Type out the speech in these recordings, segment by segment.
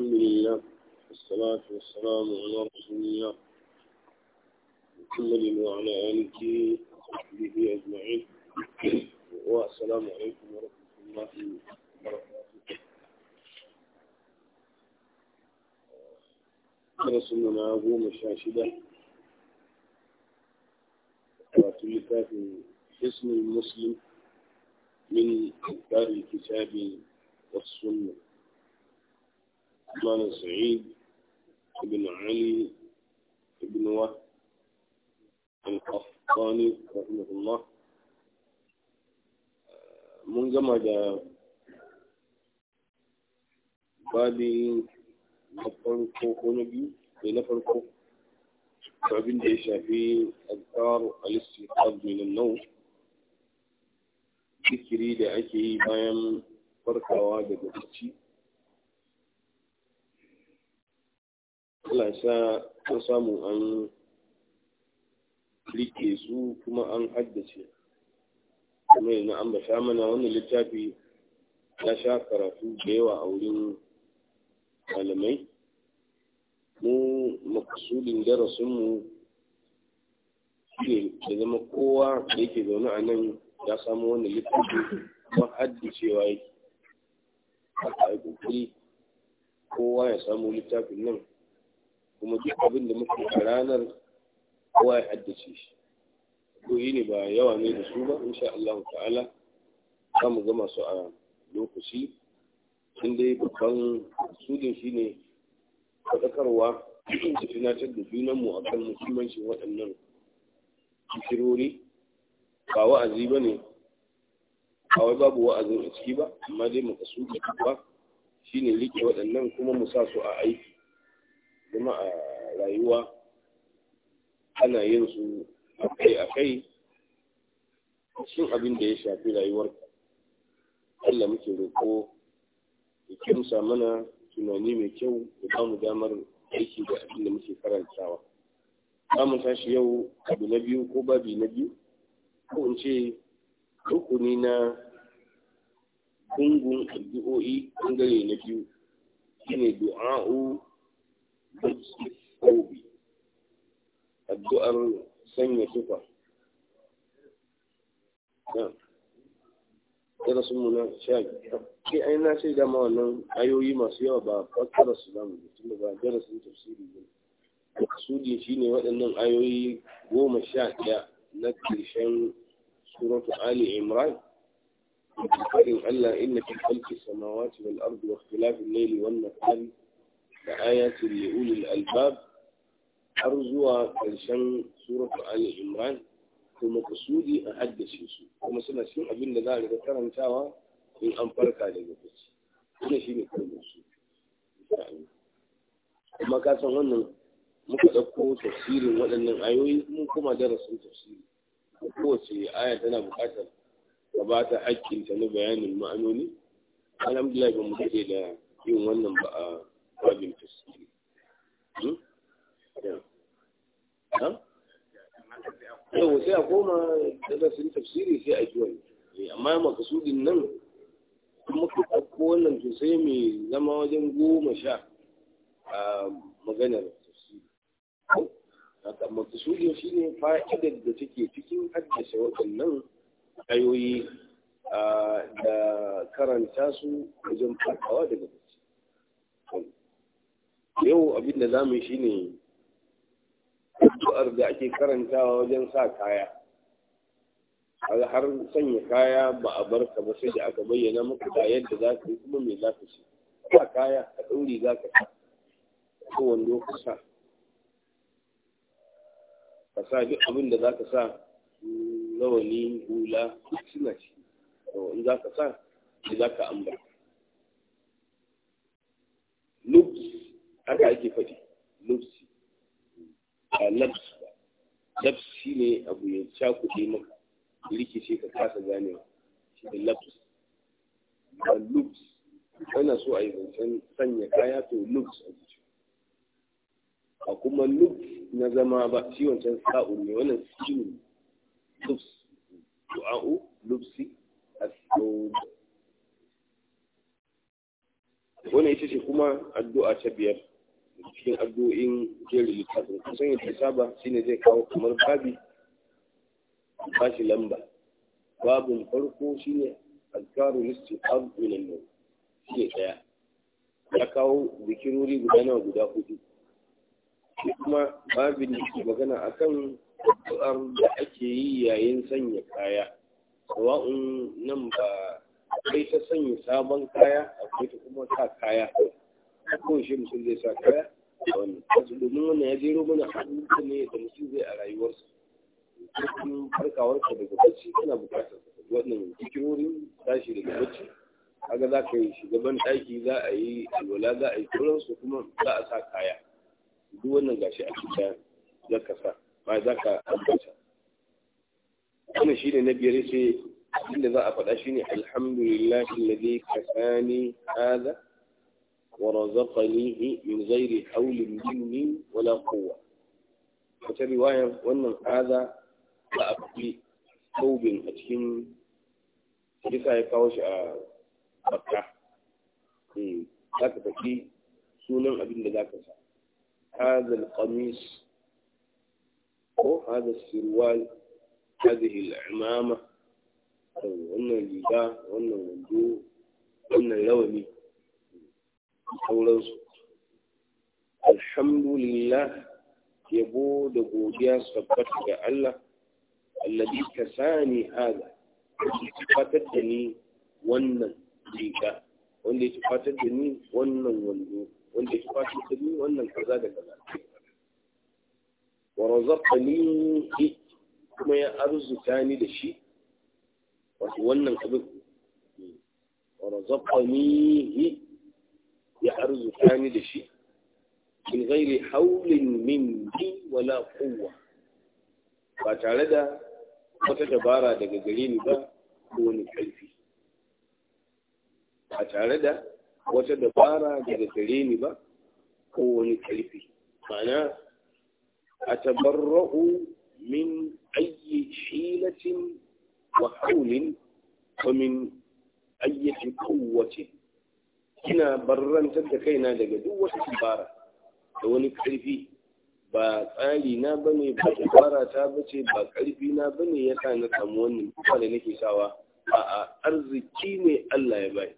الحمد لله والصلاة والسلام على رسول الله محمد وعلى آله وصحبه أجمعين والسلام عليكم ورحمة الله وبركاته رسولنا معه مشاشدة وتلفات اسم المسلم من أكبر الكتاب والسنة قال سعيد بن علي بن وهب القفطاني رحمه الله mun gama da babi na farko ko na biyu da na farko abin da ya shafi azkar al-istiqab min an-nawm zikiri da ake yi bayan farkawa daga bacci Allah ya sa an samu an rike su kuma an haddace kuma yana an basha mana wannan littafi ya sha karatu da yawa a wurin malamai mu makasudin darasinmu shi da zama kowa da yake zaune a nan ya samu wannan littafi kuma haddacewa yake a kai kowa ya samu littafin nan kuma duk abin da muke a ranar kowa ya haddace shi yi ne ba yawa ne da su ba insha Allah ta'ala za mu gama su a lokaci sun dai babban sudin shi ne faɗakarwa da tunatar da junanmu a kan muhimmancin waɗannan fikirori ba wa'azi ba ne kawai babu wa'azin a ciki ba amma dai da ba shi ne rike waɗannan kuma mu sa su a aiki kuma a rayuwa ana yin su akai akai cikin abin da ya shafi rayuwar Allah muke roƙo ya kimsa mana tunani mai kyau da ba mu damar aiki da abin da muke karantawa za mu tashi yau abu na biyu ko babi na biyu ko in ce rukuni na gungun addu'o'i bangare na biyu shine du'a'u Taubi, addu'ar sanya tufa. Kira sun muna sha ke ai na ce dama wannan ayoyi masu yawa ba fakkara su zamu da tunda ba darasin tafsiri ba. Sudi shi ne waɗannan ayoyi goma sha ɗaya na ƙarshen suratu Ali Imran. Faɗin Allah inna fi khalqi samawati wal ardi wa ikhtilafi al-layli wan nahari da ayatul li'ulil albab har zuwa karshen suratul ali imran to makasudi a haddace su kuma suna cikin abin da za a karantawa in an farka daga bacci ina shi ne su Kuma ka san wannan muka dauko tafsirin waɗannan ayoyi mun kuma darasin tafsiri kowace aya tana buƙatar gabata hakkinta na bayanin ma'anoni alhamdulillah ba mu da yin wannan ba a babin hmm? Ya. yau sai a koma daga sun tafsiri sai a ji wani eh, amma makasudin nan kuma ka ɗauko wannan to sai mai zama wajen goma sha a maganar tafsiri haka makasudin shi ne fa'idar da take cikin haddasa waɗannan ayoyi da karanta su wajen fatawa daga yau abin da za mu shi ne addu'ar da ake karantawa wajen sa kaya har sanya kaya ba a bar ka ba sai da aka bayyana maka da yadda za ka yi kuma me za ka ci sa kaya a ɗauri za ka sa ko wando ka sa ka duk abin da za ka sa rawani hula suna ci in za ka sa za ka ambata haka ake faɗi lubsi a labs ba shi ne abu ya cakuɗe maka rikice ka kasa ganewa shi da labs Ba lubs ana so a yi zancen sanya kaya to lubs a jiki a kuma lubs na zama ba shi wancan sa'un ne wannan sinu lubs du'a'u lubsi a sawd wannan ita ce kuma addu'a ta biyar cikin addu'o'in jerin littafin kusan yadda saba shine zai kawo kamar babi ba shi lamba babin farko shine azkaru istiqab min an shi shine daya ya kawo zikirori guda nawa guda hudu kuma babin da ke magana akan addu'ar da ake yi yayin sanya kaya sawa'un nan ba akwai ta sanya sabon kaya akwai ta kuma ta kaya kawai shi mutum zai sa kaya a domin wannan ya jero mana hannuka ne da mutum zai a rayuwarsa cikin farkawarka daga bacci kana bukatar wannan cikin tashi daga bacci kaga za ka yi shugaban ɗaki za a yi alwala za a yi sauransu kuma za a sa kaya duk wannan gashi a cikin za ka sa ba za ka ambata wannan shi ne na biyar sai abinda za a faɗa shi ne alhamdulillah alladhi kasani hadha ورزقنيه من غير حول مني ولا قوة وتبي واير وأن هذا فأبقي ثوب أتهم bisa ya kawo shi a bakka za ka tafi هذا القميص أو هذا السروال هذه العمامة wannan riga wannan wando wannan rawani sauransu alhamdulillah yabo da godiya sabbata ga Allah alladhi kasani hada fatar da ni wannan riga wanda ya fatar da ni wannan wando wanda ya fatar da ni wannan kaza da kaza wa razaqani kuma ya arzuta ni da shi wato wannan abin wa razaqani ya arzuta ni da shi bin gairi haulin min bi wala kowa ba tare da wata dabara daga gare ni ba ko wani ƙarfi ba tare da wata dabara daga gare ni ba ko wani ƙarfi mana a tabarra'u min ayyi shilatin wa haulin wa min ayyatin kowacin ina barrantar da kaina daga duk wasu tsibara? da wani ƙarfi ba tsari na bane ba tsibara ta bace ba karfi na bane ya sa na samu wannan kuma da nake sawa a arziki ne Allah ya bai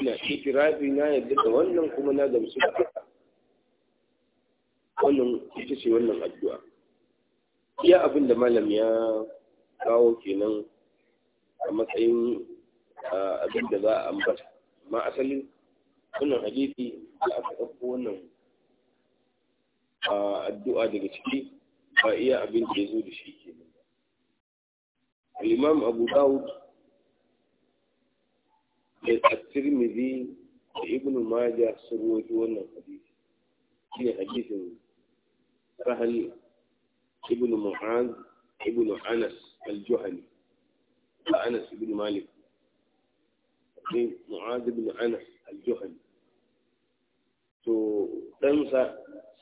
ina itirafi na yadda da wannan kuma na gamsu da haka wannan ita ce wannan addu'a iya abin da malam ya kawo kenan a matsayin abin da za a ambata amma asalin wannan hadisi da aka ɗauko wannan ah, addu'a daga ciki ba iya abin da ya zo da shi ke al-imam abu daud da at-tirmidhi da ibn majah sun rawaito wannan hadisi ne hadisin rahal ibn mu'az ibn anas al-juhani anas ibn malik ne mu'adh bin anas al-juhani to ɗansa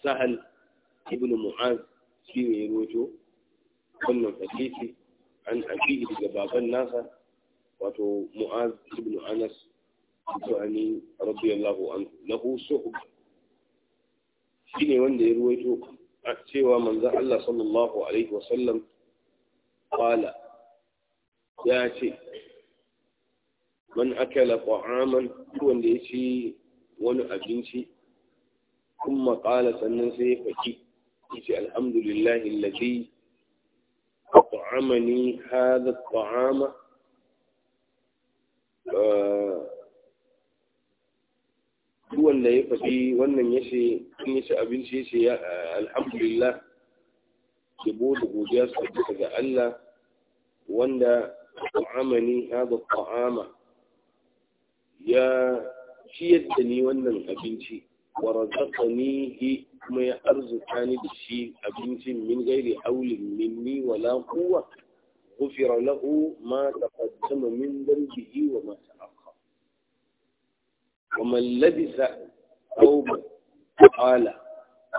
sahal ibn mu'az shi ne ya roto wannan hadisi an abihi daga baban nasa wato mu'az ibn anas al-juhani radiyallahu anhu lahu suhba shi ne wanda ya ruwaito a cewa manzan Allah sallallahu alaihi wasallam qala ya ce man akala ta'aman wanda ya ci wani abinci Kun qala sannan sai ya faki yace alhamdulillahi alladhi at'amani hadha at'ama eh, duk wanda ya faɗi wannan ya ce in ya ci abinci ya ce alhamdulillah ke bude godiya su ga Allah wanda ta'amani da at'ama ya ciyar da ni wannan abinci wa razaqanihi kuma ya arzuta ni da shi abincin min gairi aulin minni wala quwwa ghufira lahu ma taqaddama min dhanbihi wa ma ta'akhkhara wa man labisa thawban qala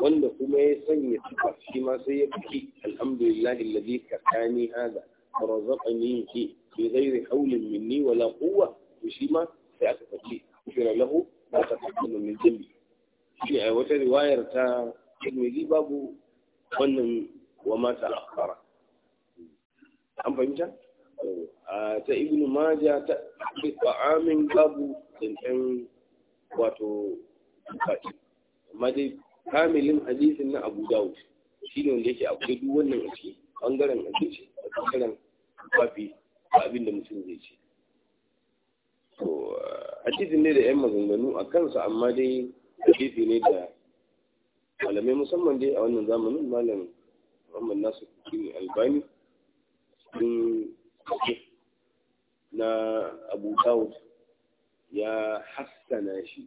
wanda kuma ya sanya tufa shi ma sai ya fi alhamdulillah alladhi kasani hada wa razaqanihi bi ghairi aulin minni wala quwwa shi ma sai aka tafi kira lahu ba ta tafi min jilli shi a wata riwayar ta tirmidhi babu wannan wa mata ta akhara an fahimta ta ibnu maja ta bi ta'amin babu dinkin wato kaci amma dai kamilin hadisin na abu dawud shi ne wanda yake akwai duk wannan a ciki bangaren a abinci da bangaren kwafi abin da mutum zai ci to hadisi ne da yan maganganu a kansa amma dai hadisi ne da malamai musamman dai a wannan zamanin malam muhammad nasu kini albani sun na abu dawud ya hassana shi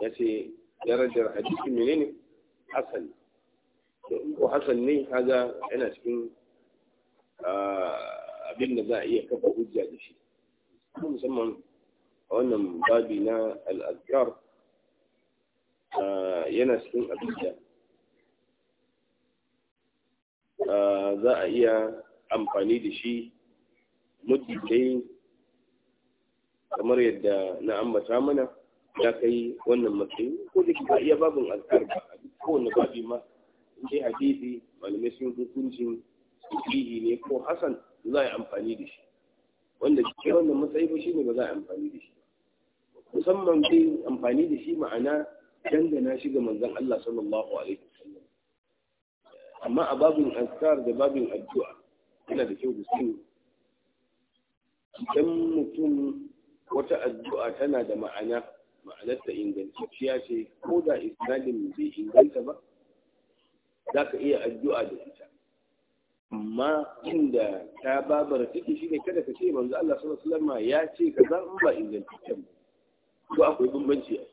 ya ce darajar hadisi ne Hassan ko Hassan ne haga yana cikin ah, abin da za a iya kafa hujja da shi musamman wannan babi na al'adkar yana cikin abinda za a iya amfani da shi mutuntai kamar yadda na ambata mana ya kai wannan matsayi ko da ba iya babin al'adkar ba a kowane babi ma sai hadisi malamai sun hukuncin sahihi ne ko Hassan. za a yi amfani da shi wanda ke wannan matsayi ba shi ne ba za a yi amfani da shi musamman bai amfani da shi ma'ana dangana shi ga manzan Allah sallallahu alaihi wasallam amma a babin azkar da babin addu'a yana da kyau gusin idan mutum wata addu'a tana da ma'ana ma'anarta ingantacciya ce ko da isnadin bai inganta ba za ka iya addu'a da ita amma inda ta babara take shi ne kada ka ce manzo Allah sallallahu alaihi wasallam ya ce ka in ba ingantaccen ba ko akwai bambanci a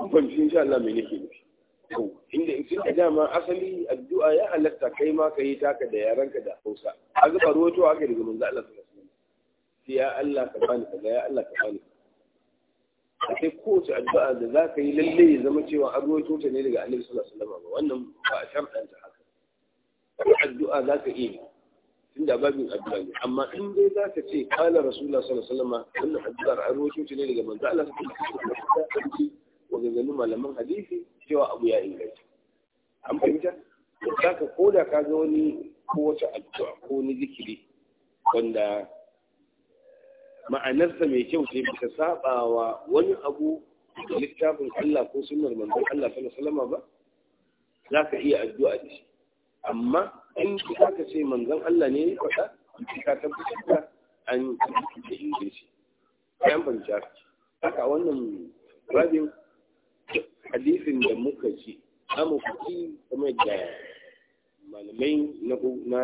an fahimci insha Allah mai nake nufi to inda in kinka dama asali addu'a ya halatta kai ma ka yi taka da yaranka da Hausa a zuba ruwato aka daga manzo Allah sallallahu alaihi wasallam ya Allah ka bani kaza ya Allah ka bani a kai kowace addu'a da za ka yi lalle ya zama cewa an ruwaito ta ne daga Annabi sallallahu alaihi wasallam wannan ba a sharɗanta haka addu'a za ka iya tun da babin addu'a ne amma in dai za ka ce kala rasulullah sallallahu alaihi wasallam wannan addu'ar an rawaito ne daga manzo Allah sallallahu alaihi wasallam wa ganganin malaman hadisi cewa abu ya inganta an fahimta ka koda ka ga wani ko wata addu'a ko wani zikiri wanda ma'anarsa mai kyau ce bisa sabawa wani abu da littafin Allah ko sunnar manzo Allah sallallahu alaihi wasallam ba za ka iya addu'a da shi amma in aka ce manzon Allah ne ya faɗa ka tabbatar da an yi da Ya ban banja haka wannan rabin hadisin da muka ji amma kuɗi kuma da malamai na na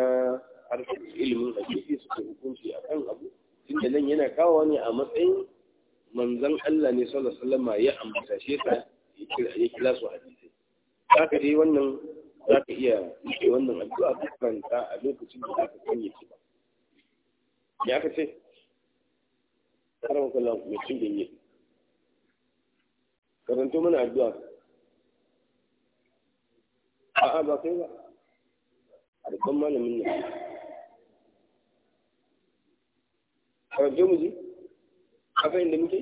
harkar ilimin hadisi suke hukunci akan abu tunda nan yana kawo ne a matsayin manzon Allah ne sallallahu alaihi wasallam ya ambata shi ya kira su hadisi haka dai wannan za ka iya rike wannan addu'a ka karanta a lokacin da za ka sanya ci ba ya ka ce karan kula mai cin yi. karanto mana addu'a a'a ba kai ba a dukkan malamin nan karanto mu ji a inda muke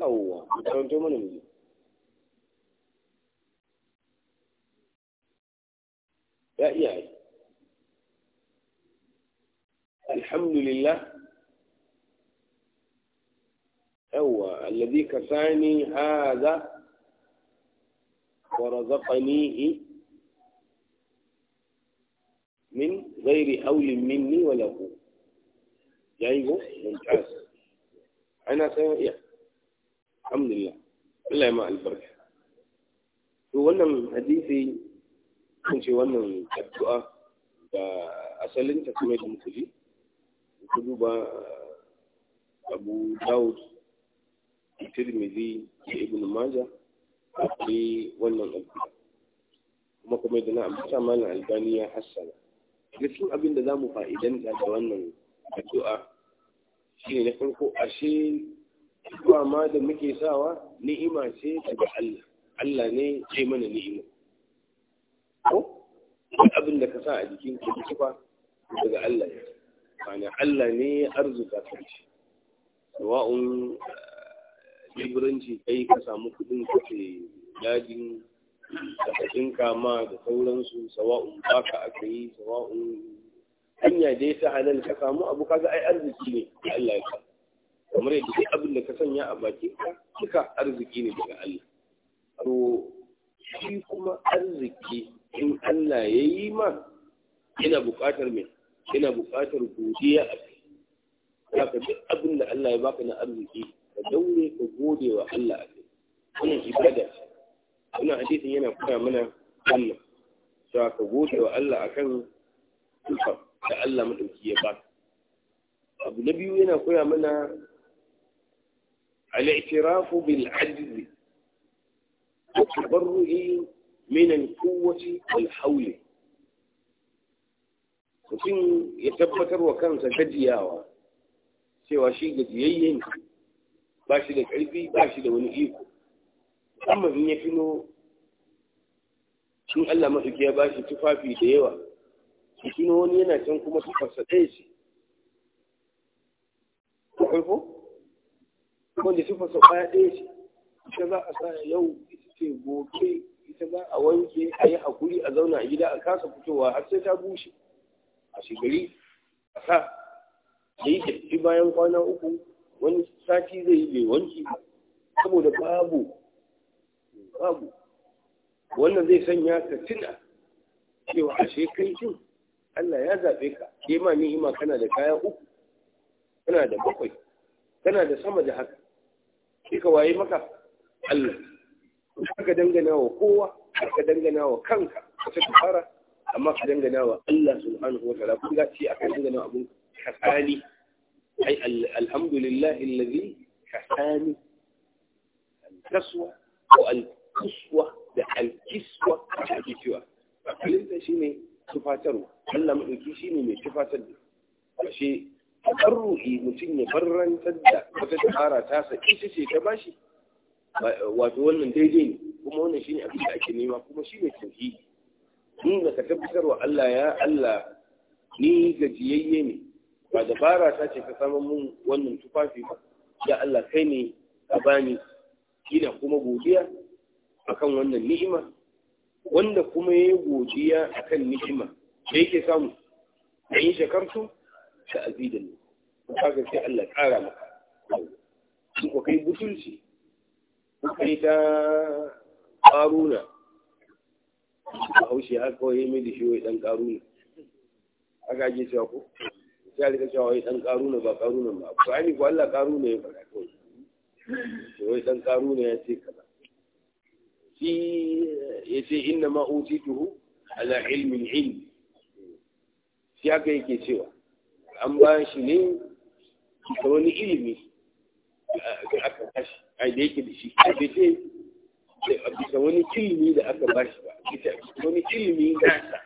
yawwa karanto mana mu ji يعني الحمد لله هو الذي كساني هذا ورزقنيه من غير حول مني وله جايبه ممتاز انا سويا الحمد لله الله ما البركه هو الحديث kun ce wannan addu'a da asalinta kuma da ji ku duba uh, abu dawud tirmidhi da ibn majah akwai wannan addu'a kuma kuma da na amsa malam albaniya hassana cikin abin da zamu fa'idanta da wannan addu'a shine na farko ashe ba ma da muke sawa ni'ima ce daga Allah Allah ne ce mana ni'ima ko abin da ka sa a jikin ka duk ba daga Allah ne kana Allah ne ya ka shi sawa'un eh, liburanci kai ka samu kudin ka ce dajin kasashen kama da sauransu sawa'un baka aka yi sawa'un hanya dai ta halal ka samu abu kaga ai arziki ne da Allah ya kamar yadda duk abin da ka sanya a bakin ka duka arziki ne daga Allah to shi kuma arziki in Allah ya yi ma yana buƙatar mai yana buƙatar godiya a kai ka duk abin da Allah ya baka na arziki ka daure ka gode wa Allah a kai wannan ibada wannan hadisin yana koya mana wannan cewa ka gode wa Allah akan tufa da Allah madauki ya baka abu na biyu yana koya mana al-i'tirafu bil ajzi التبرع min al-quwwati wal hawl mutum ya tabbatar wa kansa gajiyawa cewa shi gajiyayyen ba shi da ƙarfi ba shi da wani iko amma in ya fino shin Allah mafi ya ba shi tufafi da yawa shi fino wani yana can kuma su fasa ɗaya ce ko kuma da tufarsa ɗaya shi. ita za a sa yau ita ce gobe ita za a wanke a yi hakuri a zauna a gida a kasa fitowa har sai ta bushe a shigari a sa da yi tafi bayan kwana uku wani sati zai yi bai wanki saboda babu babu wannan zai sanya ka tuna cewa a kai cin Allah ya zaɓe ka ke ma ni'ima kana da kaya uku kana da bakwai kana da sama da haka ke ka waye maka Allah ka dangana wa kowa ka dangana wa kanka wata dubara amma ka dangana wa Allah subhanahu wa ta'ala kun ga ce aka dangana wa abun kasani ai alhamdulillah alladhi kasani kaswa ko al-kiswa da al-kiswa ta kiwa kalinta shine tufatarwa Allah madauki shine mai tufatar da shi tabarru'i mutum ya barrantar da wata tsara tasa ita ce ta bashi wato wannan daidai ne kuma wannan shine abin da ake nema kuma shine tauhidi in da ka tabbatar wa Allah ya Allah ni gajiyayye ne ba dabara ta ce ka samu mun wannan tufafi ba ya Allah kai ne ka bani ina kuma godiya akan wannan ni'ima wanda kuma yayi godiya akan ni'ima da yake samu da yin shakartu ta azidan ka ga sai Allah kara maka ko kai butulci kokari ta ƙaruna a haushe haka kawai mai da shi wai ɗan ƙaruna haka ake cewa ko sai rika cewa wai ɗan ƙaruna ba ƙaruna ba ko ani ko Allah ƙaruna ya faɗa kawai wai ɗan ƙaruna ya ce kaza shi ya ce inna ma utituhu ala ilmin ilmi shi haka yake cewa an ba shi ne ta wani ilimi aka kashi a da yake da shi a ce a bisa wani ilimi da aka ba shi ba a bisa wani ilimi nasa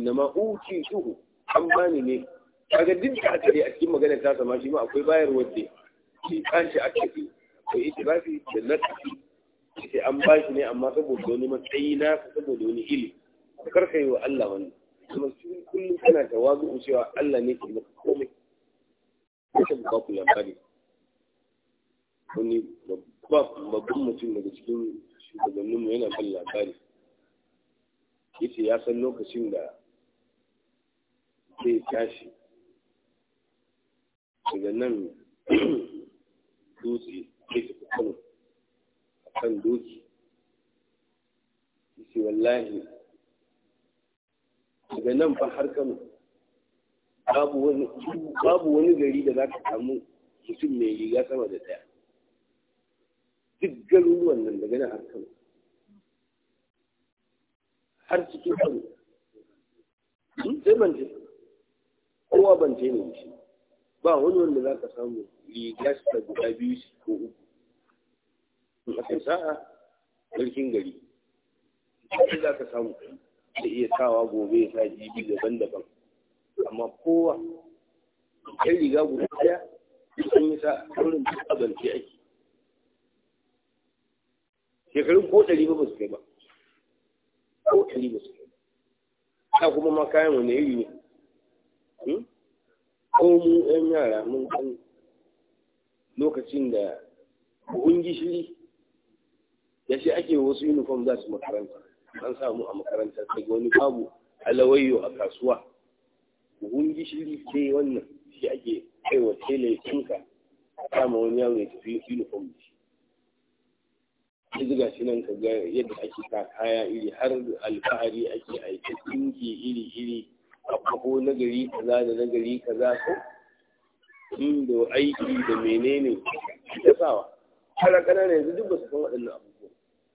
na ma'uci suhu an bani ne kaga duk da aka dai a cikin maganar ta sama shi ma akwai bayar wadda shi kanshi aka ce akwai itibafi da na nasi sai an ba shi ne amma saboda wani matsayi na saboda wani ilimi ka karka yi wa Allah wani kuma kullum kana tawazu cewa Allah ne ke maka komai. Kusa ba ku labari. wani babban mutum daga cikin shugabanninmu yana kan labari yace ya san lokacin da zai tashi daga nan dutse zai tafi kano a kan doki yace wallahi daga nan fa har kano babu wani gari da za ka samu mutum mai riga sama da daya duk garuruwan nan daga nan harkar, har cikin kano hmm, sai manje kowa bance ne shi ba wani wanda za ka samu riga shi ta guda biyu shi ko uku a kai sa'a sarkin gari sai za ka samu da iya sawa gobe ya sa jibi daban-daban amma kowa ɗan riga guda ɗaya sun yi sa wurin abinci ake shekarun ko ɗari ba su kai ba ko ɗari ba su kai ba kuma ma kayan wani iri ne hmm? ko mu ɗan yara mun kan lokacin da buhun gishiri ya shi ake wasu uniform za su makaranta an samu a makaranta sai wani babu alawayo a kasuwa buhun gishiri sai wannan shi ake kaiwa tele ya a kama wani yaro ya tafi uniform da shi ya ga shi nan ka ga yadda ake sa kaya iri har alfahari ake aiki dinki iri iri a kwako nagari kaza da nagari kaza ko inda hmm, aiki da menene ya sawa har a ƙanana yanzu duk ba su waɗannan abubuwa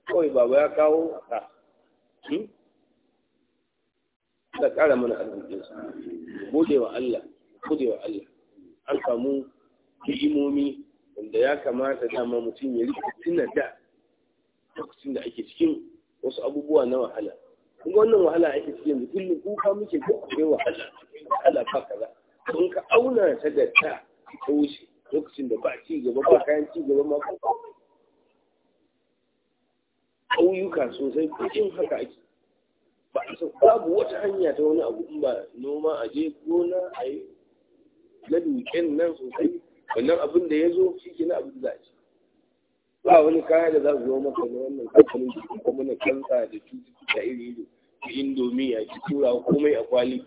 kawai baba ya kawo a ka da hmm? ƙara mana arzikin su gode wa Allah gode wa Allah an samu ni'imomi wanda ya kamata dama mutum ya rikici na da lokacin da ake cikin wasu abubuwa na wahala kuma wannan wahala ake cikin da kullum kuka muke ko akwai wahala wahala ba kaza kun ka auna ta da ta ta wuce lokacin da ba ci gaba ba kayan ci gaba ma ko ƙauyuka sosai in haka ake ba a san babu wata hanya ta wani abu in ba noma a je gona a yi na duken nan sosai wannan abin da ya zo shi ke na abin da za a ci ba wani kaya da za su zo maka na wannan kamfanin da kuma na kansa da cututtuka iri iri da indomi a ci tura komai a kwali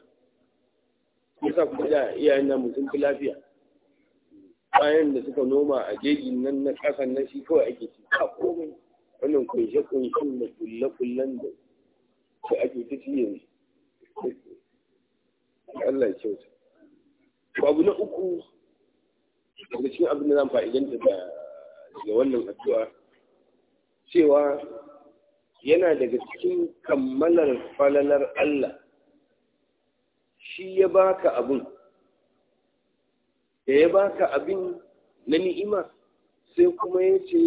yasa kuma da iyayen namu mutum fi lafiya bayan da suka noma a jeji nan na kasan na shi kawai ake ci ba komai wannan kunshe kunshen da kulle kullen da su ake ta ci yanzu Allah ya kyauta babu na uku daga cikin abin da zan fa'idan da daga wannan addu'a cewa yana daga cikin kammalar falalar Allah shi ya baka abin da ya baka abin na ni'ima sai kuma ya ce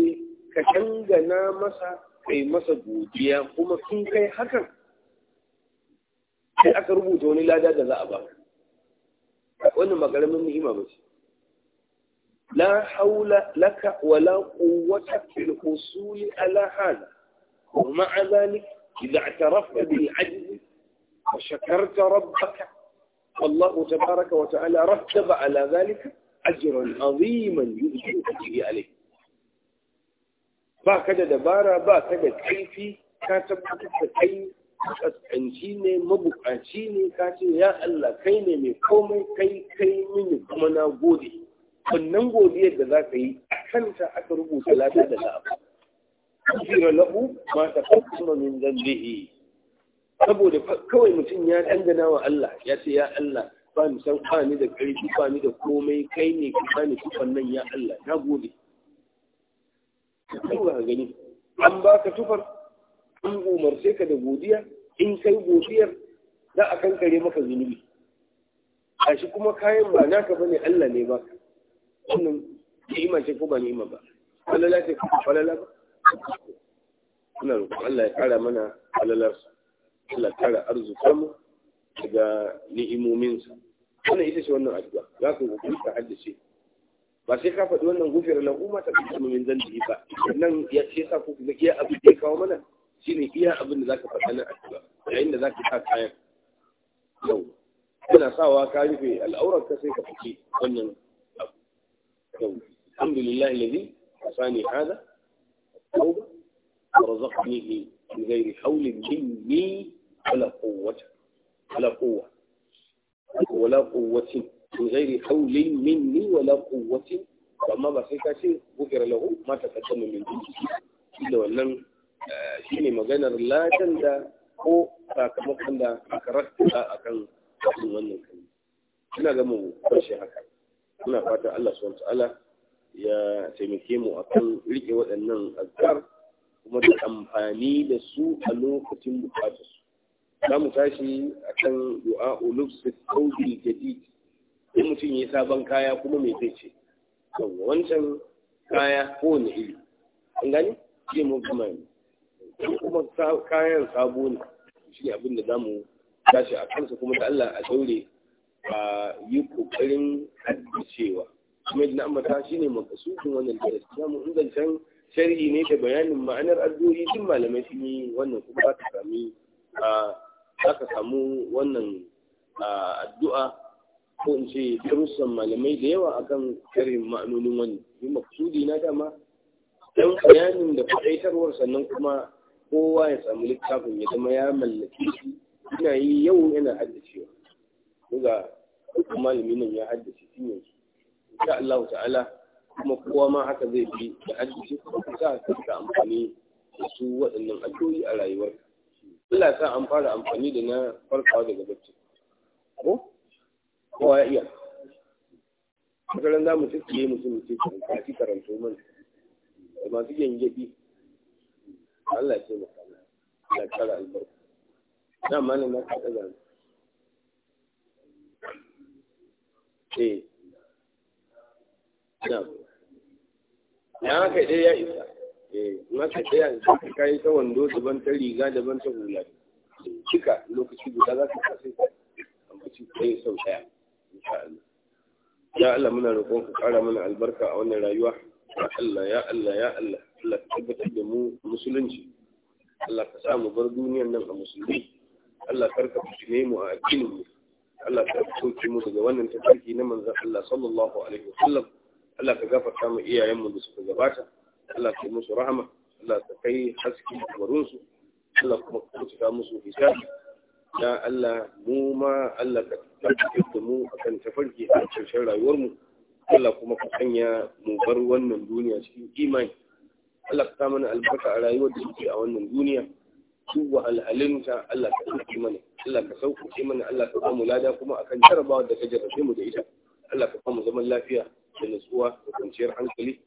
ka dangana masa kai masa godiya kuma sun kai hakan sai aka rubuta wani lada da za a baka wani makaramin ni'ima ba ce لا حول لك ولا قوة في الحصول على هذا ومع ذلك إذا اعترفت بالعجز وشكرت ربك الله تبارك وتعالى رتب على ذلك أجرا عظيما يؤجرك به عليه باكد دبارة باكد كيفي كاتب كيف kaskanci ne mabukaci ne ka ce ya Allah kai من mai komai kai wannan godiyar da za ka yi a kanta aka rubuta lada da la'abu kira la'u ma ta fakkuma min zambihi saboda kawai mutum ya dangana wa Allah ya ce ya Allah ba ni san ba ni da ƙarfi ba ni da komai kai ne ka ba ni tufan nan ya Allah na gode ka gani an baka tufar an umarce ka da godiya in kai godiyar za a kankare maka zunubi Ashi kuma kayan ba naka bane Allah ne ba. wannan ni'ima ce ko ba ni'ima ba falala ce falala ba muna roƙon Allah ya ƙara mana falalar Allah ƙara arzuta daga ni'imominsa wannan ita ce wannan addu'a za ka hukun ka haddace ba sai ka faɗi wannan gufiyar lahu ma ta kasu min zan da ba nan ya ce sa ku ga iya abin da ya kawo mana Shi ne iya abin da za ka faɗa na addu'a yayin da za zaka sa kayan yau kana sawa ka rufe al'aurar ka sai ka fice wannan الحمد لله الذي عفاني هذا التوبة ورزقنيه من غير حول مني ولا قوة ولا قوة ولا قوة من غير حول مني ولا قوة amma ba sai ka ce gufira lahu ma ta kaddama min shi da wannan shine maganar ladan da ko sakamakon da aka rasta akan wannan kan ina gama mu karshe haka muna fata Allah subhanahu ta'ala ya taimake mu akan rike waɗannan azkar kuma da amfani da su a lokacin bukatar su za mu tashi akan du'a ulubs da jadid in mutum ya sabon kaya kuma mai zai ce wancan kaya wani iri an gani zai mu gama ne kuma kayan sabo ne shi abin da za mu tashi a kansa kuma da Allah a daure a yi kokarin haddacewa kuma da ta shi ne makasudin wannan darasi zamu ingancin shari'i ne da bayanin ma'anar addu'o'i tun malamai sun yi wannan kuma za ka sami za samu wannan addu'a ko in ce darussan malamai da yawa akan shari'in ma'anonin wannan yi makasudi na dama don bayanin da fahimtarwar sannan kuma kowa ya samu littafin ya zama ya mallake shi yana yi yau yana haddacewa ga malami nan ya haddace shi ne insha Allah ta'ala kuma kowa ma haka zai bi da haddace kuma a ka amfani da su waɗannan addu'o'i a rayuwar Allah sa an fara amfani da na farkawa daga bacci ko kowa ya iya makaran za mu tsiye mutum ce ka ci karanto mana da masu gyangyaɗi Allah ya ce maka Allah ya kara albarka na malam na kaɗa zama eh na na haka dai ya isa eh maka dai ya isa ka yi ta wando daban ta riga daban ta hula cika lokaci guda za ka kasance ambaci kai sau daya insha Allah ya Allah muna roƙon ka ƙara mana albarka a wannan rayuwa ya Allah ya Allah ya Allah Allah ka tabbatar da mu musulunci Allah ka sa mu bar duniyar nan a musulmi Allah karka fitine mu a addinin mu Allah ka sauke mu daga wannan tafarki na manzon Allah sallallahu alaihi wasallam Allah ka gafarta mu iyayenmu da suka gabata Allah ka musu rahama Allah ka kai haske wurin su Allah kuma ka tuka musu hisabi ya Allah mu ma Allah ka tabbata da mu akan tafarki a cikin rayuwar mu Allah kuma ka sanya mu bar wannan duniya cikin imani Allah ka sa mana albarka a rayuwar da suke a wannan duniya su wahalhalinta Allah ka ɗauki mana Allah ka sauƙaƙe mana Allah ka ba mu lada kuma akan jarabawar da ka jarrabe mu da ita Allah ka ba mu zaman lafiya da nutsuwa da kwanciyar hankali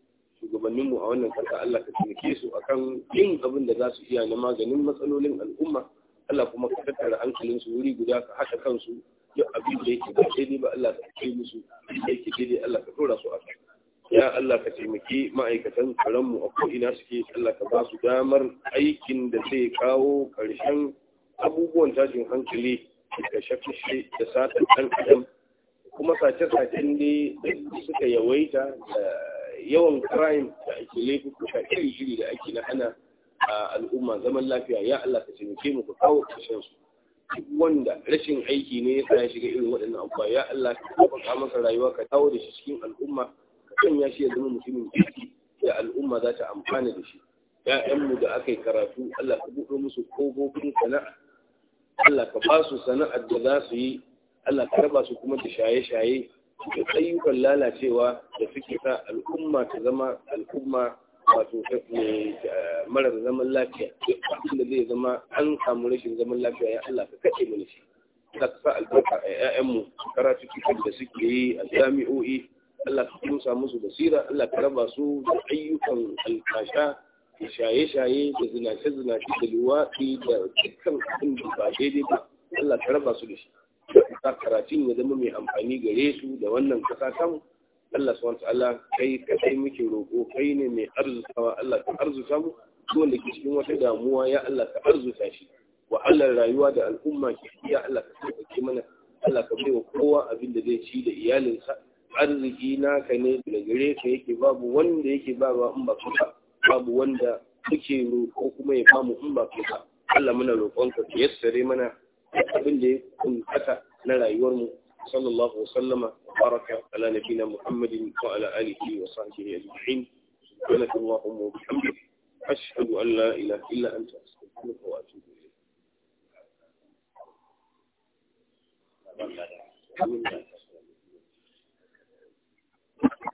shugabanninmu a wannan kasa Allah ka taimake su akan yin abin da za su iya na maganin matsalolin al'umma Allah kuma ka tattara hankalin su wuri guda ka haka kansu duk abin da yake ba daidai ba Allah ka kai musu da yake daidai Allah ka tura su a kai ya Allah ka taimaki ma'aikatan mu a ko'ina suke Allah ka ba su damar aikin da zai kawo ƙarshen abubuwan tashin hankali da shafishe da satar ɗan adam kuma sace-sacen da suka yawaita da yawan crime da ake laifuka iri-iri da ake na hana a al'umma zaman lafiya ya Allah ka taimake mu ka kawo ƙarshen su duk wanda rashin aiki ne ya ya shiga irin waɗannan abubuwa ya Allah ka taimaka masa rayuwa ka dawo da shi cikin al'umma ka sanya shi ya zama mutumin kirki da al'umma za ta amfana da shi ya'yanmu da aka yi karatu Allah ka buɗe musu kofofin sana'a Allah ka ba su sana'ar da za su yi Allah ka raba su kuma da shaye-shaye da tsayukan lalacewa da suke sa al'umma ta zama al'umma wato eh, eh, marar zaman lafiya duk da zai zama an samu rashin zaman lafiya ya Allah ka kace mana shi ka sa albarka a ƴaƴanmu Kara cikin da suke yi a jami'o'i Allah ka kusa musu basira Allah ka raba su da ayyukan alkasha da shaye-shaye da zinace-zinace da luwaɗi da dukkan abin da ba daidai ba Allah ta raba su da shi ta karatun ya zama mai amfani gare su da wannan kasa kan Allah subhanahu Allah kai kai muke roƙo kai ne mai arzutawa Allah ka arzuta mu Su wanda ke cikin wata damuwa ya Allah ka arzuta shi wa Allah rayuwa da al'umma ke ya Allah ka sauke mana Allah ka baiwa kowa abin da zai ci da iyalinsa arziki naka ne da gare ka yake babu wanda yake ba ba in ba ka babu wanda kuke roƙo kuma ya famu in ba kai ba Allah muna roƙonka ka yassare mana abin da ya kunkata na rayuwar mu sallallahu alaihi wasallama baraka ala nabiyina muhammadin wa ala alihi wa sahbihi ajma'in سبحانك اللهم وبحمدك أشهد أن لا إله إلا أنت أستغفرك وأتوب إليك. Thank you.